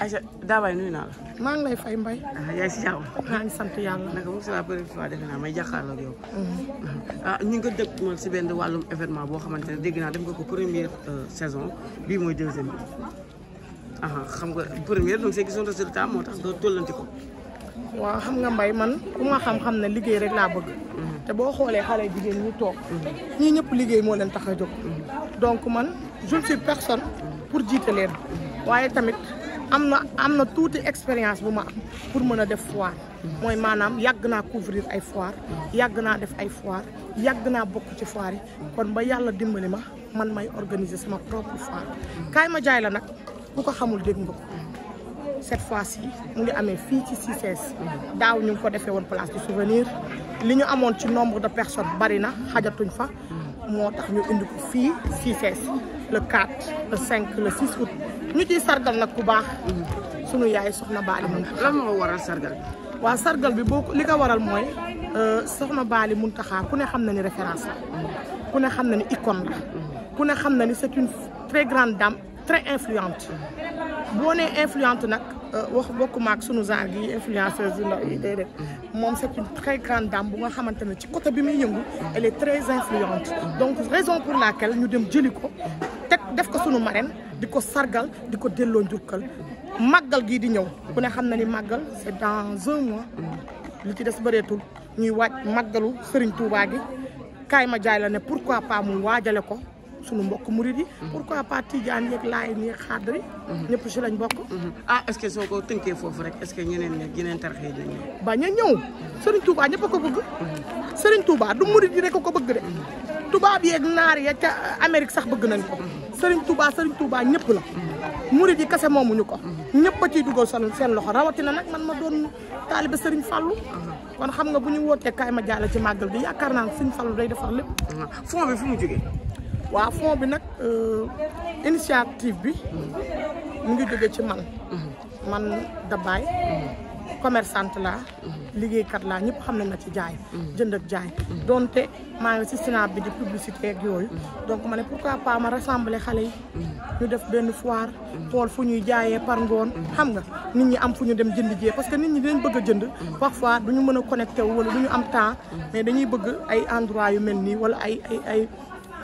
Aïcha Daabay nuyu naa la. maa lay fay mbay. ah yaa ngi si jàmm. maa sant yàlla. naka moom c'est la première fois defe naa may jàkkaarloo ak yow. Mhm. ah ñu ngi ko déglu si benn wàllum événement boo xamante ne dégg naa def ko première euh, saison bii mooy deuxième bi. ah xam nga première donc c'est gisoon résultat moo tax doo tollanti ko. waaw xam nga mbay man ku ma xam-xam ne liggéey rek laa bëgg. Mhm. te boo xoolee xale jigéen ñi toog. Mhm. ñii ñëpp liggéey moo leen tax a jóg. donc man je ne personne pour jiite leen waaye tamit. J'ai toute l'expérience expérience pour mën des def foire mooy maanaam yàgg couvrir ay foire yagna foires, def ay foire yàgg naa bokk ci foire kon ba yàlla dimbali ma man may organiser mes propre foire kaay ma jaay la nag ku cette fois-ci nous ngi amee fii ci e s daaw ñu ngi ko defee place du souvenir li ñu amoon ci nombre de personnes barina na xajatuñ fa moo tax ñu indi ko 6S, e le 4 le 5 le 6 ñu ciy sargal nag ku baax. sunu yaay soxna Baali Muntaxa. lan moo waral sargal Wa sargal bi boko li ko waral mooy euh, soxna Baali Muntaxa ku ne xam na ni référence la. ku ne xam na ni icône la. ku ne xam na ni c'est une très grande dame très influente. Bonne influente nak, euh, wax bokkuma ak sunu genre influenceuse yu ndaw yi c'est une très grande dame bu nga xamante ne ci côté bi muy elle est très influente mm-hmm. donc raison pour laquelle ñu dem jëli ko def ko sunu diko sargal diko ko delloo magal gi di ñew ku ne xam na ni magal c'est dans un mois lu ci dess bëreetul ñuy wajj magalu Serigne Touba gi kaay ma jaay la ne pourquoi pas mu wajale ko sunu mbokk murid yi mhm. pourquoi pas jaan yeeg laay nii xaadar yi mhm. ñëpp si lañ bokk mhm. ah est-ce que soo ko tënkee foofu rek est-ce que ñeneen ñi yeneen tarxe yi dañ ñëw bañ a ñëw Serigne Touba ñëpp a ko bëgg Serigne du murid yi rek ko bëgg tubaab yeeg naar ya ca Amérique sax bëgg nañ ko Serigne Touba Serigne Touba ñëpp la murid yi kese moomuñu ko ñëpp a ciy dugal seen seen loxo rawatina nag man ma doon taaliba sëriñ Fallou kon xam nga bu ñu wootee kaay ma jàll ci màggal bi yaakaar naa Serigne Fallou day defar lépp fond bi fu mu jógee waaw fond bi nag euh, initiative bi mu ngi jóge ci man man Dabaye commerçante laa liggéeykat laa ñëpp xam nañ ma ci jaay jënd ak jaay donte maa ngi si Sénat bi di publicité ak yooyu donc ma ne pourquoi pas ma rassembler xale yi ñu def benn foire xool fu ñuy jaayee par ngoon xam nga nit ñi am fu ñu dem jënd jee parce que nit ñi dinañ bëgg a jënd parfois du ñu mën a connecté wala du ñu am temps mais dañuy bëgg ay endroit yu mel nii wala ay ay ay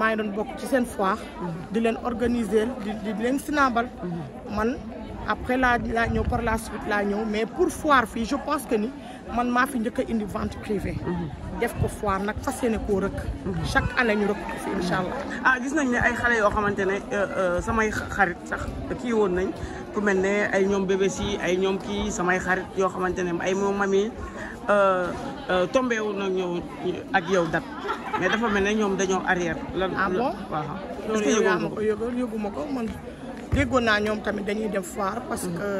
maay done bok ci sen foire. di len organiser di di leen sinaabal. man après la la ñeu par la suite la ñeu mais pour foire fi je pense que ni man ma fi ñëk indi vente privée. def ko foire nak fas ko rek chaque année ñu rek fi inshallah ah gis nañ ne ay xalé yo yoo euh euh samay xarit sax ki won nañ ku mel ay ñom bébé si ay ñom ki samay xarit yo xamante ay mo mami euh euh tombé wu na ñeu ak yow dat mais dafa mel ne ñoom dañoo arrière. lan ah lan waaw. loolu yëguma ko yëguma ko man déggoon naa ñoom tamit dañuy dem foire parce mhm. que.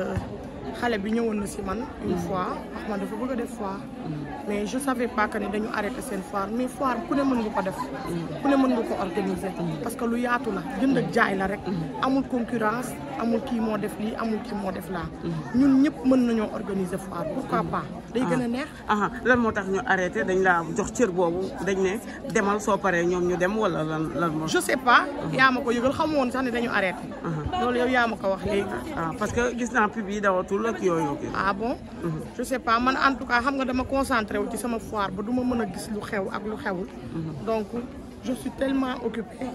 xalé bi ñëwoon na ci man une mm. fois ak man dafa bëgg def foire mm. mais je savais pas que dañu arrêté seen foire mais foire ku ne mën nga ko def mm. ku ne mën nga ko organiser parce que lu yaatu la jënd ak jaay la rek amul concurrence amul kii moo def lii amul kii moo def laa ñun ñëpp mën nañoo organiser foire pourquoi pas day gën a ah. neex ah, lan moo tax ñu arrêté dañ laa jox cër boobu dañ ne demal soo paree ñoom ñu dem wala lan lan moo je sais pas mm-hmm. yaa ma ko yëgal xamoon sax ne dañu arrêté mm-hmm. loolu yow yaa ma ko wax léegi ah, parce que gis naa pub yi dawatul ak yooyu ok. ah bon. Mhm. je sais pas man en tout cas xam nga dama concentré wu ci sama foire ba duma meuna mën gis lu xew ak lu xewul. Mhm. donc je suis tellement occupée.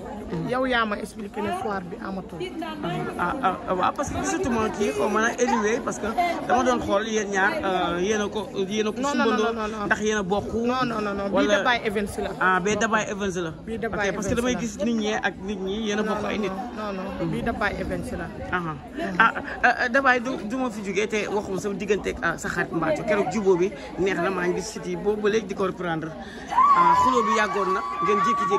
Yaw yaa ma expliqué ne foire bi amato. Ah, ah ah waaw parce que surtout man kii xaw ma nag élué parce que dama don xol yeen ñaar euh a ko yéen a ko. sumbandoo ndax yéen a bokk. non non non bii Dabay Events la. ah bii Dabay Events la. bii Dabay Events la parce que damay gis nit ñi ak nit ñi yeen a bokk ay nit. non non bi da bay Events la. ah ah da bay duma fi jugé té waxuma sama digënté ak ah, sa xarit Mbathio kérok jubóo bi neex na maa ngi gis site yi boobu di ko reprendre ah, xuloo bi yàggoon na ngeen jékki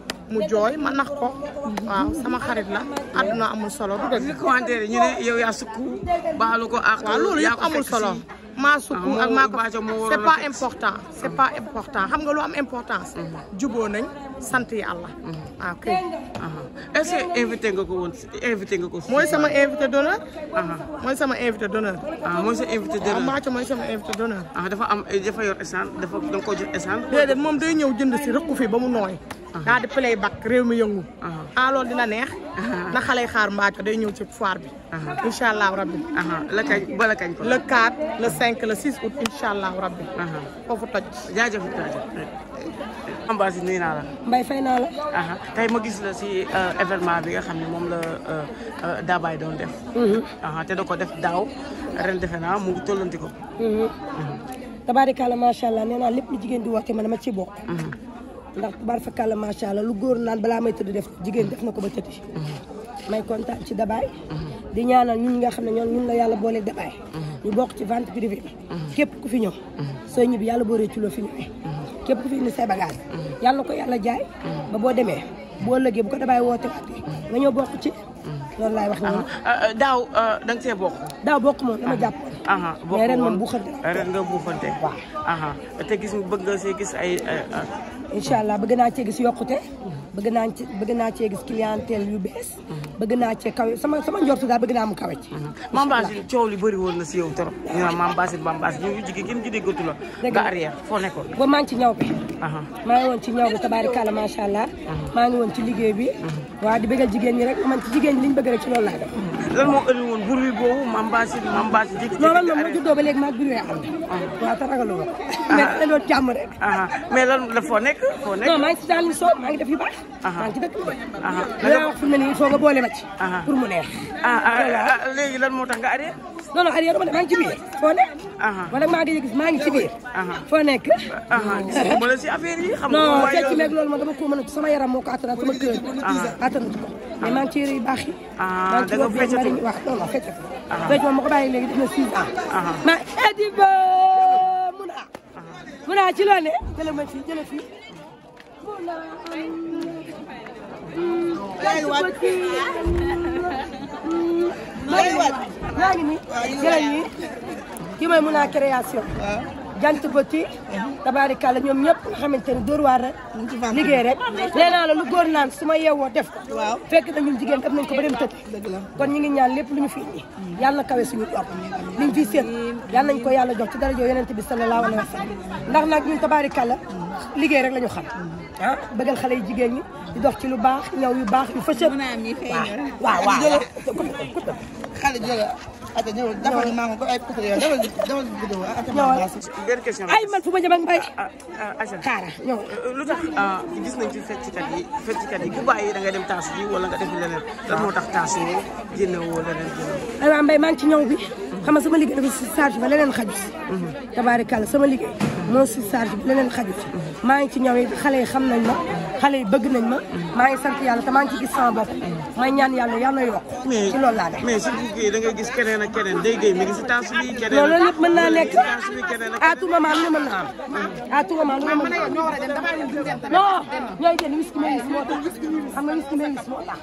mu jooy ma nax ko waaw sama xarit la àdduna amul solo du dëgg. commentaire ñu ne yow yaa sukk baalu ko ak waaw loolu yëpp amul solo. maa sukk ah, ak maa ko c'est pas important c'est pas important xam nga lu am importance mm-hmm. juboo nañ sant yi waaw kay. est invité nga ko woon invité nga ko. mooy sama invité d'honneur. Uh-huh. mooy sama invité d'honneur. ah mooy sa invité d'honneur ah, mooy sama invité d'honneur. ah dafa am dafa yor essence dafa da nga koo moom day ñëw jënd si rëkku fii ba mu nooy. Uh-huh. daa di play back réew mi yëngu. Uh-huh. ah loolu dina neex. na xale xaar Mbathio day ñëw ci foir bi. incha allah rabbi. la kañ ba la kañ ko. le 4 le 5 le 6 août incha allahu rabbi. foofu toj. Amba si nuyu naa la. Mbaye fay naa la. tey ma gis la si euh, événement bi nga xam ne moom la euh, euh, Daabaay doon def. Mhm. te da ko def daaw ren defe naa mu tollanti ko. Mhm. Mhm. tabaarikàlla macha allah nee naa lépp lu jigéen di woote ma ma ciy bokk. ndax tabaarkàlla macha allah lu góor naan balaa may tëdd def jigéen def na ko ba tëddi. may kontaan ci Dabaay. di ñaanal ñun nga xam ne ñoom ñun la yàlla boole Dabaay. ñu bokk ci vente privée bi. képp ku fi ñëw. soo ñibbi yàlla booree ci loo fi ñëwee. képp ku fi indi say bagage mm-hmm. yàlla ko yàlla jaay mm-hmm. ba boo demee boo lëggee bu ko damay woote waatee nga ñëw bokk ci mm-hmm. loolu laay wax noonu uh-huh. uh, uh, daaw uh, da nga bokk daaw bokk moom dama uh-huh. jàpp mais ren man buuxante ren nga buuxante waaw gis bëgg nga see gis ay incha allah bëgg naa cee gis yokkute bëgg naa ci bëgg naa cee gis clientèle yu bees bëgg naa cee kawe sama sama njortu daal bëgg naa mu kawe ci Mame Bassine coow li bëri woon na si yow trop ñu naan Mame Bassine Mame Bassine ñu jigéen kenn ji déggatu la nga arrière foo nekkoon ba maa ngi ci ñaw bi maa ngi woon ci ñaw bi tabaarikàlla macha allah maa ngi woon ci liggéey bi waaw di bëggal jigéen ñi rek man ci jigéen ñi liñ bëgg rek ci loolu laa def bruit boobu man baa si man baa si jékki-jékki loolu moom ma juddoo ba léegi maa bruit am waaw te ragaloo ko mais da doon jàmm rek mais lan la foo nekk foo nekk non maa ngi si daal soo maa ngi def yu baax maa ngi ci dëkk bi la wax fu mu ne nii il faut nga boole ma ci pour mu neex léegi lan moo tax nga arrêté non non arrière ma ne maa ngi ci biir foo nekk wala maa ngi gis maa ngi ci biir foo nekk ma la si affaire yi xam non fekk meeg loolu ma dama ko mën a sama yaram moo fecc fi fecc moom ma ko bàyyi léegi def na ci loo ne jële ma fii jële fii mun a maa ngi nii jële nii kii mooy mun a جانت بوتي تبارك الله نيوم نيوب محمد تاني دور وارا نيجي رك لينا على لغور نان سما يو ودف فك تاني نيجي عند كم نكبر يوم تك كون نيجي نيال لب نيجي فيني يالنا كوي سمي كوب نيجي سير يالنا نكو يالنا جوك تدار جو ينتي بس الله لاو نفس نك نك نيوم تبارك الله نيجي رك لينو خام ها بعدين خلي يجي عني يدور كيلو باخ نيو يباخ يفشل واو واو خلي جلا ayca ñëwal dafa ni maa ngi ko ay kooku yow dawal dawal vidéo ah, benn question ay man fu ma jëm ak mbay. ayca ah, ah, kaara yow. Euh, lu tax gis nañ ci fecckat yi fecckat yi ku bàyyi da nga dem taas bi wala nga def leneen. lan moo tax taas yi génne woo leneen génne. aywa mbay maa ngi ci ñëw bi. xam nga sama liggéey dafa si charge ba leneen xaju si. Mhm. tabaarikàlla sama liggéey. moo si charge ba leneen xaju si. Mhm. maa ngi ci ñëw yi xale yi xam nañ ma. xale yi bëgg nañ ma maa ngi sant yàlla te maa ngi ci gis sama bopp may ñaan yàlla yàlla yokk ci loolu laa nekk mais si da nga gis keneen ak keneen day gay mi ngi si taas bi keneen non loolu lépp mën naa nekk à tout moment lu ne mën na am à tout moment lu ne mën na am non ñooy jël whisky may wis moo tax xam nga whisky may wis moo tax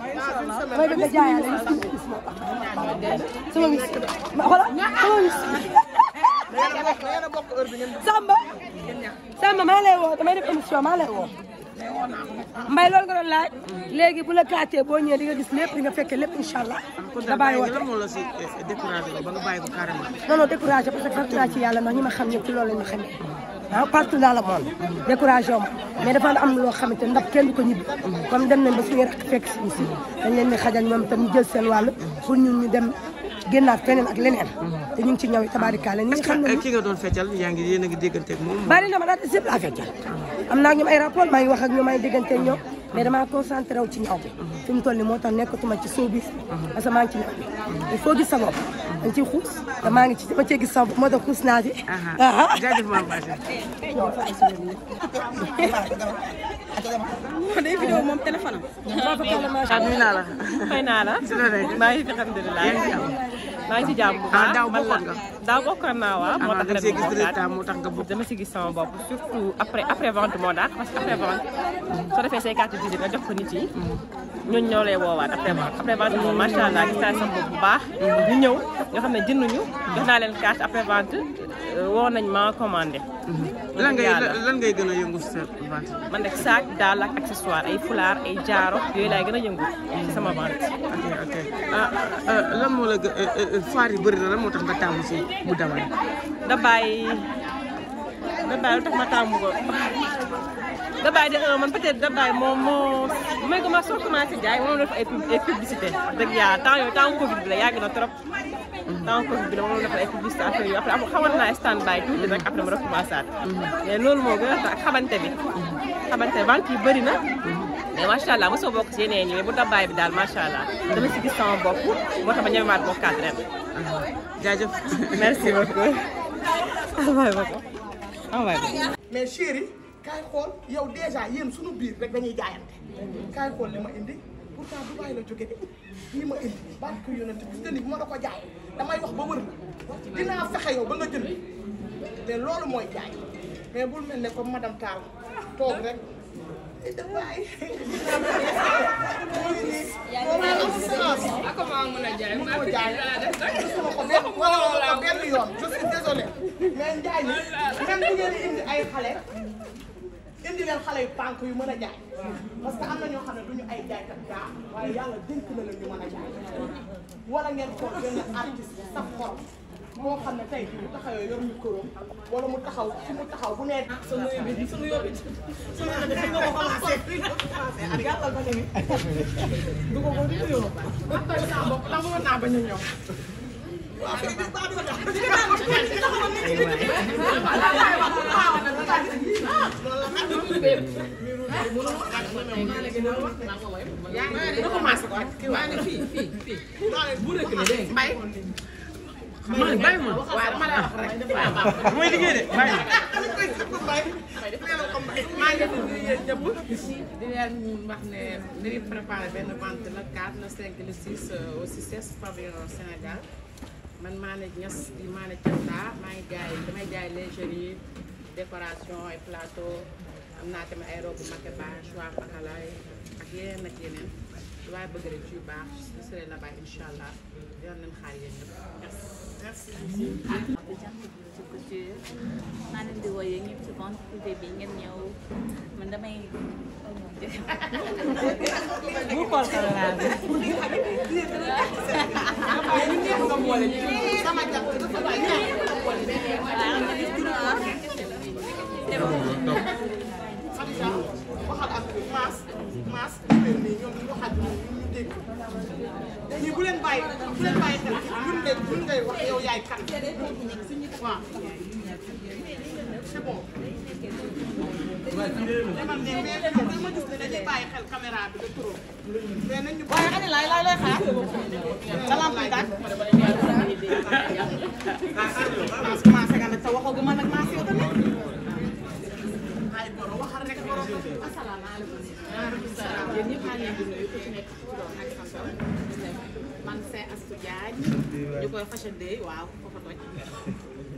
mooy bëgg a jaayaale whisky may wis moo tax sama whisky xoolal sama whisky Samba Samba maa lay woo damay def émission maa lay woo mbay loolu nga doon laaj léegi bu la kaatee boo ñëwee di nga gis lépp di nga fekkee lépp incha allah. da bàyyi woote lan moo la si découragé ba nga bàyyi ko carrément. non non découragé parce que sant naa ci yàlla ndax ñi ma xam ñëpp ci loolu lañ ma xamee ah partout dans le monde découragé wu ma mais dafa am loo xamante ne ndax kenn du ko ñibbi. comme dem nañ ba suñu raq fekk si si dañ leen di xajal ñoom itam ñu jël seen wàll pour ñun ñu dem génnaat feneen ak leneen. te ñu ngi ci ñaw yi tabaarikaale ñi xam ne ki nga doon feccal yaa ngi yéen a ngi déggante ak moom. bari na ma daal yëpp laa feccal. am naa ak maa ngi wax ak ci ñaw fi mu toll nii moo tax ci sóob maa ngi ci ñaw bi. il maa ngi ci ma cee gis maa ngi baaxee. day vidéo moom maa ngi ci jàmm bu baax ah, daaw bokkoon nga daaw naa waaw ah, moo tax ren moo tax nga gis sama bopp surtout après après vente moo daax parce après vente soo defee say carte visite nga jox ko nit yi ñooñu woowaat après vente après vente moom macha allah bu baax mm-hmm. ñu ñëw ñoo xam ne jënduñu. jox naa leen carte après vente euh, woo nañ ma commandé. Mm-hmm. lan ngay lan ngay gën a yëngu si sa vente. man nag saak daal ak accessoire ay fulaar ay jaaro yooyu laay gën a yëngu. sama vente. Mm-hmm. ok ah, ah, ah, lan moo la gë euh, euh, foire yi bëri na lan moo tax nga taamu si bu dawal. da bàyyi da bàyyi lu ma taamu ko. Dabaay de man peut-être moom moo may ko ma soo commencé jaay moom dafa ay publicité wax dëgg yàlla temps yooyu temps Covid bi la yàgg na trop. temps Covid bi la moom defal ay publicité affaire yooyu après am xawoon naa stand ma recommencé mais loolu moo gën a tax xamante bi xamante vente yi bëri na mais macha allah mosoo bokk yi bi daal macha allah dama si gis sama bopp moo tax ma ñememaat bokkaat ren jaajëf merci beaucoup envoyé ma ko envoyé ma mais chéri xool yow déjà yéen suñu biir rek dañuy jaayante de li ma damay wax ba wër la dinaa fexe yow ba nga jënd te loolu mooy jaay mais bul mel ne comme madame Tall toog rek. dafay. moo ngi nii. yaa ngi am sens. ah comment mun a jaay ma ko jaay ma ko benn wala wala benn yoon je suis désolée mais njaay mi même bu ngeen indi ay xale. leen xale yu pànk yu ma a jaay parce que na ñoo xam ne duñu ay jaaykat gaa waaye yàlla dénk na la ñu mën a jaay wala ngeen ko benn artiste saf xorom moo ne tey bu taxawee wala mu taxaw su mu taxaw bu nee sunu yóbbi sunu yóbbi sunu yóbbi dañ ko commencé ak yàlla ba ne du man bàyyi ma waaw dama lay wax rek waaw mooy liggéey de bàyyi maa ngi tudd yéen ñëpp di leen wax ne dañuy préparé benn vente le 4 le 5 le 6 au 6 pavillon Sénégal man maa ne ñas di maa ne maa ngi jaay damay jaay lingerie décoration ay plateau am naa tamit ay robe makeba choix pakalaay ak yeneen ak yeneen lu waay bëgg rek ci baax su seree la baax incha allah yoon nañ xaar yéen bi ngeen ñëw man damay bu xool corona bi. ñii bu leen bàyyi bu leen bàyyi xel ñun de ñun ngay wax yow yaay kan waaw c'est bon. man de mais dama gis ne dañuy bàyyi xel caméra bi de trop. mais nañu waaye ani laay laay lay xaar. dalam bi daal. commencé commencé nga nag te waxoo gu ma nag maa si yow tamit. ay boro waxal rek boro. asalaamaaleykum. maaleykum salaam yéen ñëpp maa ngi leen di nuyu ku ci nekk ci doon ak santam. man c'est Astou Diagne. ñu koy fashion day waaw foofa toj.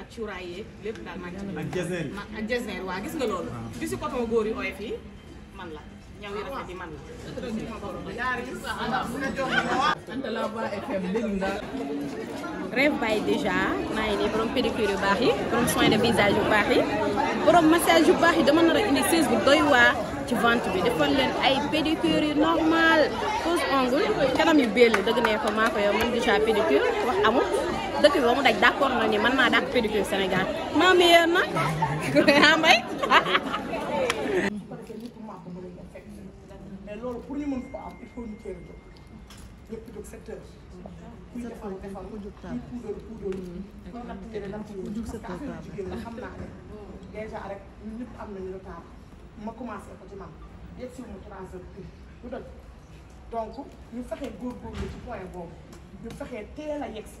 ak cuuraay yeeg lépp daal maa ngi ak jesner ak jesner waaw gis nga loolu di ah. si coton góor yu oyof yi man la ñaw yi rafet yi man la Antalaba FM dégg nga Rêve By déjà maa ngi nii borom pédicure yu baax yi borom soin de visage yu baax yi borom massage yu baax dama nar a indi siis bu doy waa ci vente bi defal leen ay pédicure yu normal fausse ongle kanam yu bellu dëgg ne ko maa ko man déjà pédicure dëkk bi ba mu daj d' na ni man maa daan pédicure Sénégal maa mi yéen na ah mbay. mais loolu pour ñu mën ko am il faut ñu teel a jóg ñëpp jóg sept heures. kuy defal defal kuy puudar puudar. Mm. loolu nag teel a lan ko jóg jigéen la xam naa ne mm. ñëpp am nañu retard ma commencé ko ci man yegg si wu ma trois heures pile lu dëgg donc ñu fexee góorgóorlu ci point boobu ñu fexee teel a yegg si.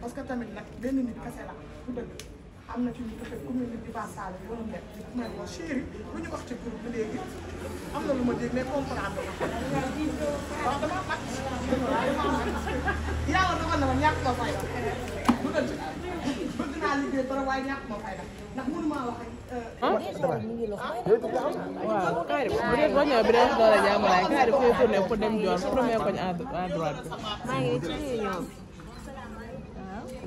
parce que tamit nag benn nit kese la bu dëgg am na ci ñu defee commune bi di Vassal yoonu nekk di ma ne ma chéri lu ñu wax ci groupe bi léegi am na lu ma dégg mais comprendre na waaw dama mat yàlla dama ne ma ñàkk ma fay la bu dëgg bëgg naa liggéey dara waaye ñàkk ma fay la ndax mënu maa wax ak euh, ah, ah? ah? ah? waaw Kaari bu dee boo ñëwee bi dee wax dara jàmbalaay Kaari fu ñu tourné pour dem Dior premier koñ à droite bi. maa ngi ci ñoom.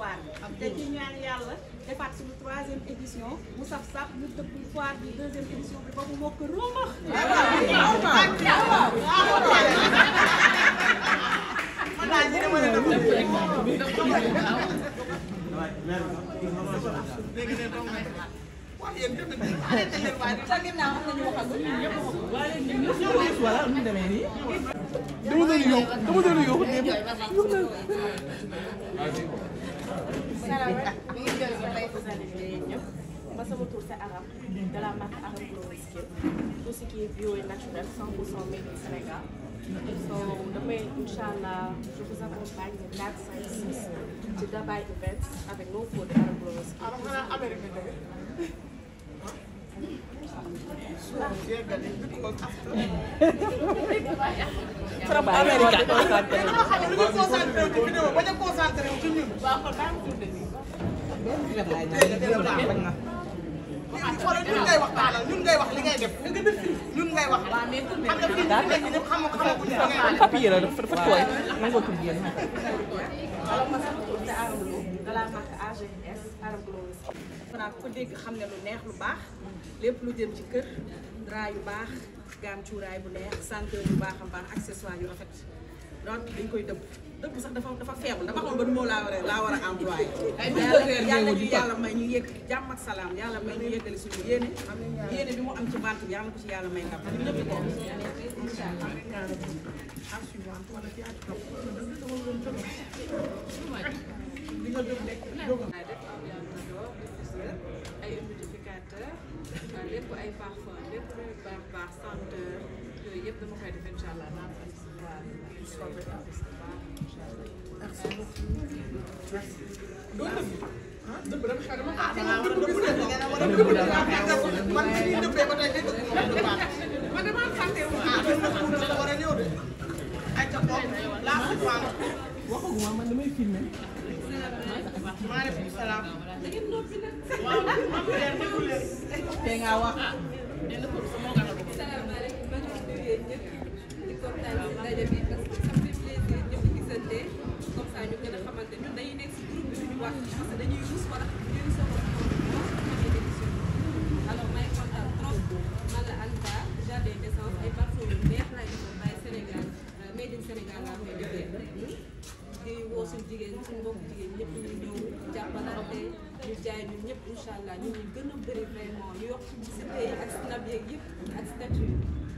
foire te ci ñaan yàlla defaat suñu troisième édition mu saf saf ñu tëbb foire bi deuxième édition bi ba mu mokk rumbax dama doon yokk dama doon yokk salaamaaleykum ñu ngi jël sama life design bi ñëpp ma sama tur c'est Aram de la marque Aram Glow Skin tout ce qui est bio et naturel 100 pour 100 made in Sénégal so damay incha allah je vous accompagne le 4 5 6 ci Dubai Events avec nos produits Aram Glow Skin. xoolal ñun ngay wax taalal ñun ngay wax li ngay def ñun ngay wax xam nga fii ñu nekk ñëpp xam nga xamaguñu ko ngay wax papier la dafa tooy nangoo ko génn maanaam ku dégg xam ne lu neex lu baax lépp lu jëm ci kër dra yu baax gaam cuuraay bu neex senteur yu baax a baax accessoire yu rafet donc dañ koy dëbb dëbb sax dafa dafa feebul dama xam ban moo laa war a laa war a employé yàlla ñu yàlla may ñu yëg jàmm ak salaam yàlla may ñu yëggali suñu yéene yéene bi mu am ci bant bi yàlla ko ci yàlla may ndam ñu ñëpp ko li nga dëbb nekk yóbbu ay parfum lépp luy baax baax senteur yooyu yëpp dama koy def de de nga wax dina ko sama nga waaye ñun ñëpp incha allah ñun ñu gën a bëri vraiment ñu yokk ci sa pays ak snap yeeg yëpp ak statut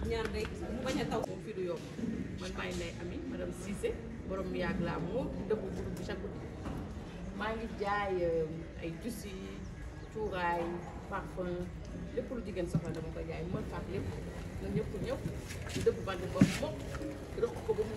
ñaan rek mu bañ a taw. fii du yomb man maa ngi lay ami madame Cissé borom yàgg laa moo dëbb bu bu chaque maa ngi jaay euh, ay tissu yi cuuraay lépp lu jigéen soxla dama ko jaay mën faak lépp ñun ñëpp ñëpp dëbb bandi ko moom rëq ko ba mu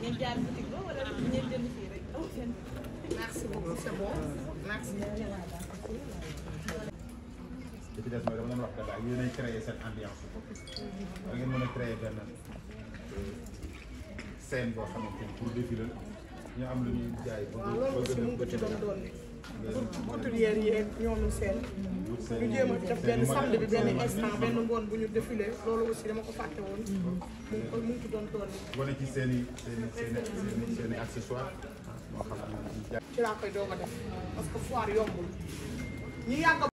ngeen jaar boutique ba wala ngeen jënd fii rek aw seen. merci beaucoup c'est bon merci. li ci des mooy dama doon wax que daal yéen a créé seen ambiance bu da ngeen mën a créé benn scène boo xamante ni pour défiler ñu am lu ñuy jaay. waaw loolu aussi mu ngi ko ci doon doon couturière yeeg ñooñu seen ñu jéem a def benn samedi bi benn instant benn ngoon bu ñu défilé loolu aussi dama ko fàtte woon mu ngi ko mu ngi doon tool yi wala ci seen i seen i seen i seen i seen i accessoire moo xam ci laa koy doog a def parce que foire yombul ñi yàgg